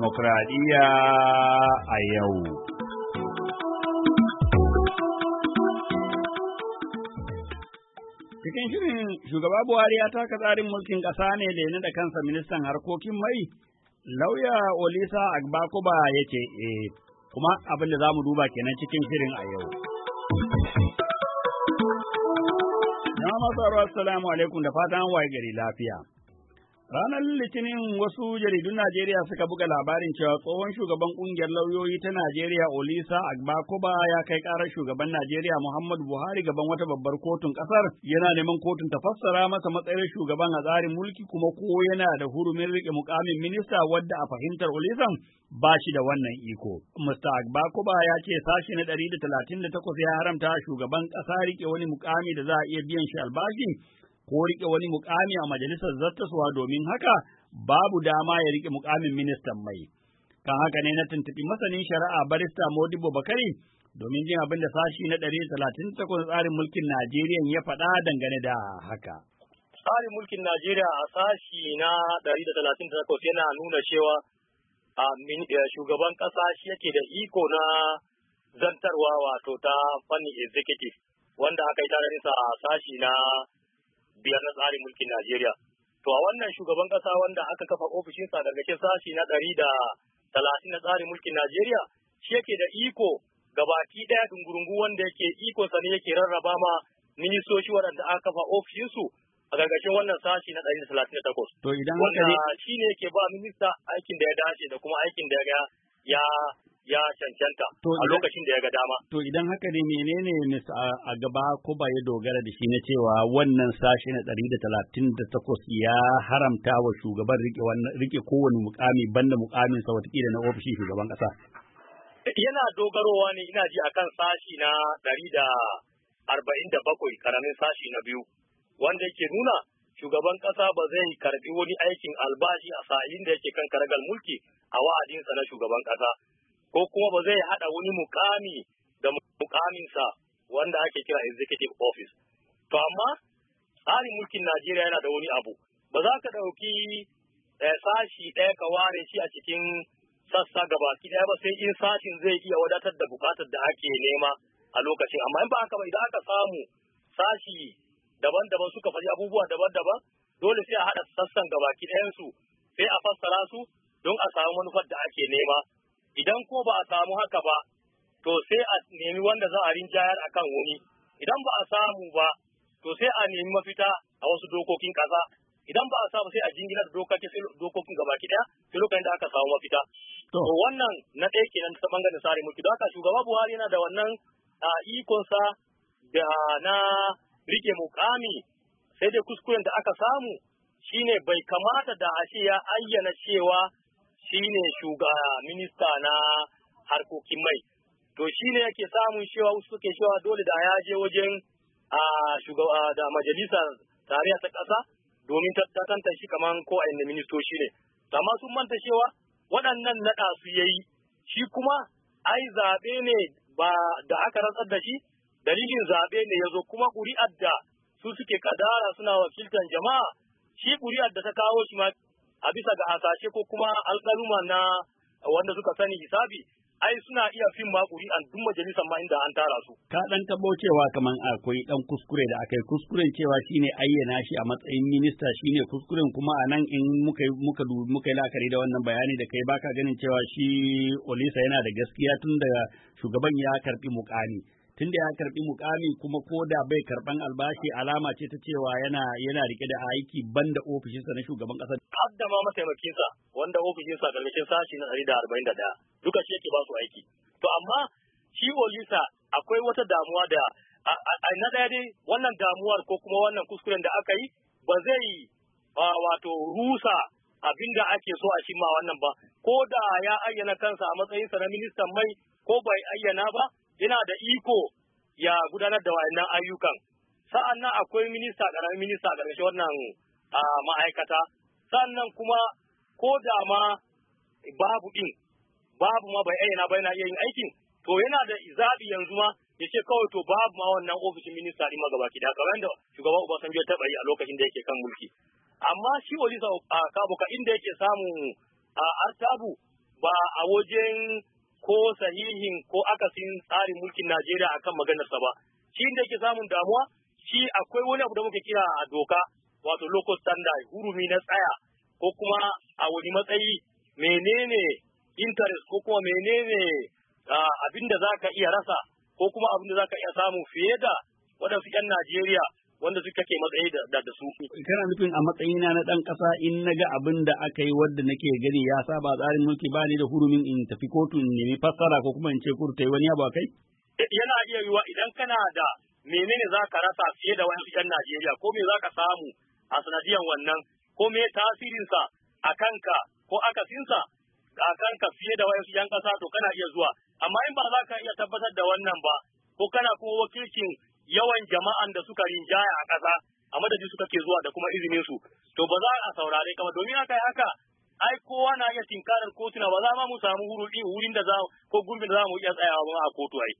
demokradiya a yau. Cikin shirin shugaba Buhari ya taka tsarin mulkin ƙasa ne da da kansa ministan harkokin mai, lauya Olisa Agbakuba ya eh, kuma abin da za mu duba kenan cikin shirin a yau. Na masu assalamu alaikum da fatan waye gari lafiya. Ranar Litinin wasu jaridun Najeriya suka buga labarin cewa tsohon shugaban kungiyar lauyoyi ta Najeriya Olisa Agbakoba ya kai karar shugaban Najeriya Muhammadu Buhari gaban wata babbar kotun ƙasar yana neman kotun ta fassara masa matsayin shugaban a tsarin mulki kuma ko yana da hurumin rike mukamin minista wadda a fahimtar Olisan ba shi da wannan iko. Mr. Agbakoba ya ce sashi na takwas ya haramta shugaban ƙasa rike wani mukami da za a iya biyan shi albashi ko riƙe wani mukami a majalisar Zartaswa domin haka babu dama ya riƙe mukamin ministan mai. Kan haka ne na tuntuɓi masanin shari'a barista Modibo Bakari domin jin abin da sashi na ɗari talatin takwas tsarin mulkin Najeriya ya faɗa dangane da haka. Tsarin mulkin Najeriya a sashi na ɗari da talatin takwas yana nuna cewa a eh, shugaban ƙasa shi yake da iko na zantarwa wato ta fannin executive wanda aka yi tarihinsa a sashi na biyar na tsarin mulkin Najeriya. To a wannan shugaban kasa wanda aka kafa ofishinsa cikin sashi na ɗari da talatin na tsarin mulkin Najeriya shi yake da iko gabaki ɗaya dungurungu wanda yake iko sa ne yake rarraba ma ministoci waɗanda aka kafa su a gargashin wannan sashi na ɗari da talatin da takwas. To idan wanda shi ne yake ba minista aikin da ya dace da kuma aikin da ya ya ya cancanta a lokacin da ya ga dama. To idan haka ne menene ne a gaba ko ba ya dogara da shi na cewa wannan sashe na ɗari da talatin da takwas ya haramta wa shugaban rike kowane mukami banda mukamin sa watakila na ofishin shugaban ƙasa. Yana dogarowa ne ina ji akan sashi na ɗari da arba'in da bakwai karamin sashi na biyu wanda yake nuna shugaban ƙasa ba zai karbi wani aikin albashi a sa'ilin da yake kan karagal mulki a wa'adinsa na shugaban ƙasa. ko kuma ba zai haɗa wani mukami da mukaminsa wanda ake kira executive office to amma tsarin mulkin Najeriya yana da wani abu ba za ka ɗauki eh, sashi ɗaya ka ware shi a cikin sassa gabaki ɗaya ba sai in sashin zai iya wadatar da bukatar da ake nema a lokacin amma in ba haka ba idan aka samu sashi daban-daban suka faɗi abubuwa daban-daban dole sai a haɗa sassan gabaki su sai a fassara su don a samu manufar da ake nema idan ko ba a samu haka ba to sai a nemi wanda za a rinjayar a kan wani idan ba a samu ba to sai a nemi mafita a wasu dokokin kasa idan ba a samu sai a jingina da dokokin gaba ki daya sai lokacin da aka samu mafita to wannan na ɗaya kenan ta bangaren sare mulki don haka shugaba Buhari yana da wannan ikonsa da na rike mukami sai dai kuskuren da aka samu shine bai kamata da ashe ya ayyana cewa shine shuga minista na harkokin mai to shine yake samun cewa suke cewa dole da ya je wajen a shugaba da majalisar tarayya ta kasa domin tattakantar shi kaman ko a inda ministoci ne amma sun manta cewa waɗannan naɗa su yayi shi kuma ai zaɓe ne ba da aka rantsar da shi dalilin zaɓe ne ya zo kuma ƙuri'ar da su suke kadara suna wakiltar jama'a shi ƙuri'ar da ta kawo shi ma a bisa ga hasashe ko kuma alƙaluma na wanda suka sani hisabi ai suna iya fin makuri an duk majalisar ma inda an tara su. Ka ɗan taɓo cewa kamar akwai ɗan kuskure da aka yi kuskuren cewa shine ayyana shi a matsayin minista shine kuskuren kuma a nan in muka muka muka yi la'akari da wannan bayani da kai baka ganin cewa shi Olisa yana da gaskiya tun da shugaban ya karɓi muƙami. tunda ya karbi mukami kuma ko da bai karban albashi alama ce ta cewa yana yana rike da aiki banda ofishinsa na shugaban kasa har ma ma sa wanda ofishinsa karkashin sashi na 141 duka shi yake ba su aiki to amma shi olisa akwai wata damuwa da na daya dai wannan damuwar ko kuma wannan kuskuren da aka yi ba zai wato rusa abin da ake so a ma wannan ba ko da ya ayyana kansa a matsayinsa na ministan mai ko bai ayyana ba yana da iko ya gudanar da wayannan ayyukan sa'an nan akwai minista ƙaramin minista ƙarshe wannan ma'aikata sa'an nan kuma ko da ma babu ɗin babu ma bai ayyana ba na iya yin aikin to yana da zaɓi yanzu ma ya ce kawai to babu ma wannan ofishin minista ɗin magabaki da kamar yadda shugaban Obasanjo ya taɓa yi a lokacin da yake kan mulki amma shi Olisa Kabuka inda yake samun artabu ba a wajen ko sahihin ko akasin tsarin mulkin Najeriya akan maganarsa ba. Shi da yake samun damuwa shi akwai wani abu da muka kira a doka wato local standard hurumi na tsaya ko kuma a wani matsayi menene interest ko kuma menene abin da za ka iya rasa ko kuma abin da za ka iya samu fiye da waɗansu 'yan Najeriya wanda duk kake matsayi da da su kana nufin a matsayina na dan kasa in na ga abin da aka yi wanda nake gani ya saba tsarin mulki ba ni da hurumin in tafi kotu in nemi fassara ko kuma in ce kurtai wani abu kai eh, yana iya wa idan kana da menene za ka rasa fiye da wani yan Najeriya ko me za ka samu a sanadiyan wannan ko me tasirinsa a kanka ko akasinsa a kanka fiye da wani yan kasa to kana iya zuwa amma in ba za ka iya tabbatar da wannan ba ko kana kuma wakilcin yawan jama'an da suka rinjaya a ƙasa a madadi suka ke zuwa da kuma izinin su to ba za a saurare ka ba domin haka haka ai kowa na iya tinkarar kotuna ba za ma mu samu eh, wurin da za ko gurbin da za mu iya tsayawa ba a kotu ai.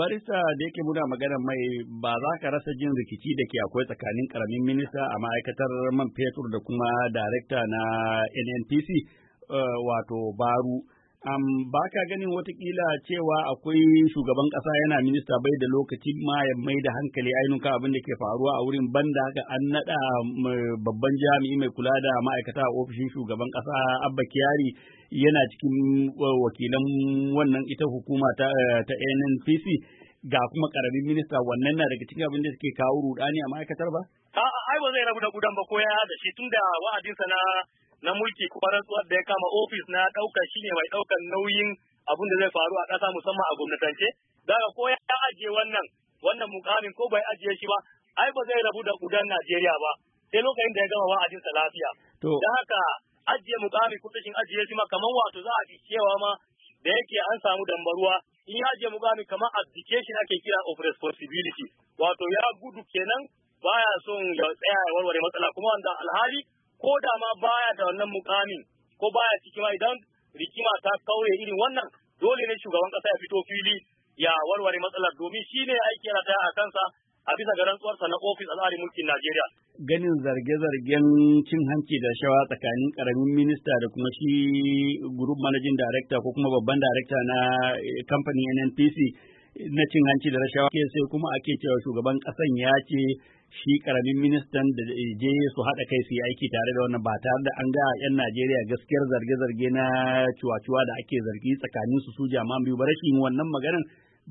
Barista da yake muna magana mai ba za ka rasa jin rikici da ke akwai tsakanin karamin minista a ma'aikatar man fetur da kuma darekta na NNPC eh, wato Baru. Um, ba ka ganin watakila cewa akwai shugaban ƙasa yana minista bai da lokaci ma ya mai da hankali ainihin abin da ke faruwa a wurin banda haka an naɗa babban jami'i mai kula da ma'aikata a ofishin shugaban ƙasa abba kyari yana cikin wakilan wannan ita hukuma ta, eh, nnpc ga kuma karamin minista wannan na daga cikin abin da suke kawo rudani a ma'aikatar ba? A'a, ai ba zai rabu da gudan ba ko ya da shi tun da wa'adinsa na na mulki kuma rantsuwar da ya kama ofis na ɗauka shine mai daukan nauyin abin da zai faru a kasa musamman a gwamnatance daga ko ya ajiye wannan wannan mukamin ko bai ajiye shi ba ai ba zai rabu da gudan Najeriya ba sai lokacin da ya gama wa'adinsa lafiya da haka ajiye mukami ko tashin ajiye shi ma kamar wato za a ji cewa ma da yake an samu dambaruwa in ya ajiye mukami kamar abdication ake kira of responsibility wato ya gudu kenan baya son ya tsaya ya warware matsala kuma wanda alhali ko da ma baya da wannan mukamin ko baya ciki ma idan rikima ta kaure irin wannan dole ne shugaban kasa ya fito fili ya warware matsalar domin shi ne aiki yana taya a kansa a bisa ga rantsuwarsa na ofis a mulkin Najeriya. Ganin zarge-zargen cin hanci da shawa tsakanin karamin minista da kuma shi group managing director ko kuma babban director na eh, kamfanin NNPC na cin hanci da rashawa ke sai kuma ake cewa shugaban kasan ya ce shi karamin ministan da je su haɗa kai su yi aiki tare da wannan ba tare da an ga 'yan Najeriya gaskiyar zarge-zarge na cuwa-cuwa da ake zargi tsakanin su su jama'an biyu ba rashin wannan maganan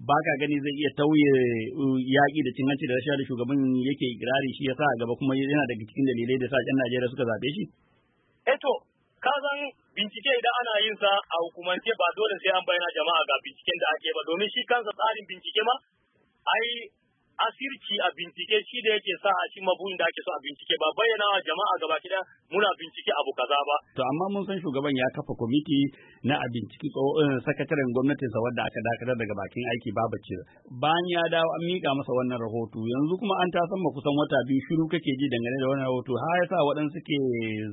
ba ka gani zai iya tauye uh, yaƙi da cin hanci da rashawa da shugaban yake ikirari shi ya sa gaba kuma yana daga cikin dalilai da sa 'yan Najeriya suka zaɓe shi. Eto, eh ka san bincike idan ana yin sa a hukumance ba dole sai an bayyana jama'a ga binciken da ake ba domin shi kansa tsarin bincike ma ai asirci a bincike shi da yake sa a cimma mabuyin da ake so a bincike ba bayyana wa jama'a gaba kida muna bincike abu kaza ba. To amma mun san shugaban ya kafa kwamiti na a binciki eh, sakataren sa wadda aka dakatar daga bakin aiki babu ce. Bayan ya dawo an miƙa masa wannan rahoto yanzu kuma an tasan ma kusan wata biyu shiru kake ji dangane da wannan rahoto har ya sa waɗansu ke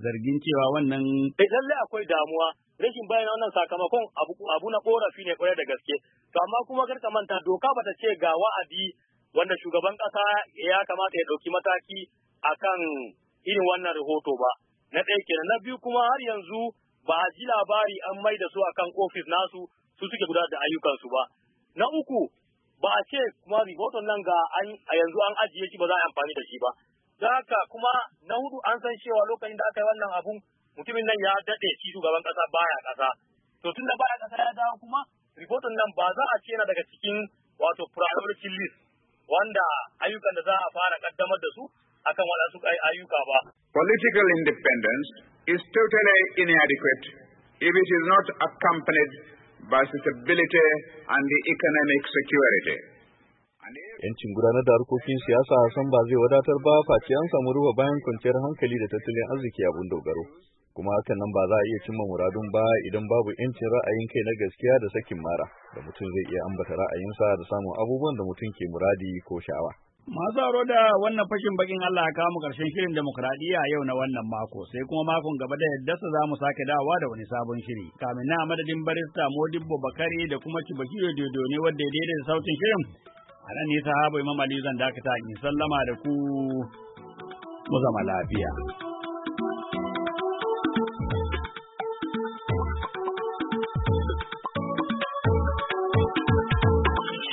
zargin cewa wannan. Eh, lallai akwai damuwa rashin bayyana wannan sakamakon abu na korafi ne kwarai da gaske. To amma kuma kar ka manta doka bata ce ga wa'adi wanda shugaban kasa ya kamata ya ɗauki mataki akan irin wannan rahoto ba na ɗaya kenan na biyu kuma har yanzu ba a ji labari an mai da su akan ofis nasu su suke gudanar da ayyukansu ba na uku ba a ce kuma rahoton nan ga a yanzu an ajiye shi ba za a amfani da shi ba don haka kuma na hudu an san cewa lokacin da aka yi wannan abun mutumin nan ya daɗe shi shugaban ƙasa baya ƙasa to tun da baya kasa ya dawo kuma rahoton nan ba za a ce yana daga cikin wato priority list wanda ayyukan da za a fara kaddamar da su akan waɗansu ayyuka ba. Political independence is totally inadequate if it is not accompanied by stability and the economic security. Yancin gudanar da harkokin siyasa san ba zai wadatar ba kaci an samu ruwa bayan kwanciyar hankali da tattalin arziki abun dogaro. kuma hakan nan ba za a iya cimma muradun ba idan babu yancin ra'ayin kai na gaskiya da sakin mara da mutum zai iya ambata ra'ayinsa da samun abubuwan da mutum ke muradi ko sha'awa. Masu aro da wannan fashin bakin Allah ya kawo mu karshen shirin demokradiyya yau na wannan mako sai kuma makon gaba da yadda su za mu sake dawa da wani sabon shiri. Kamin na madadin barista Modibbo Bakari da kuma Cibakiyo Dodo ne wanda ya daidaita sautin shirin. A nan ne sahaba Imam Ali zan dakata in sallama da ku mu zama lafiya.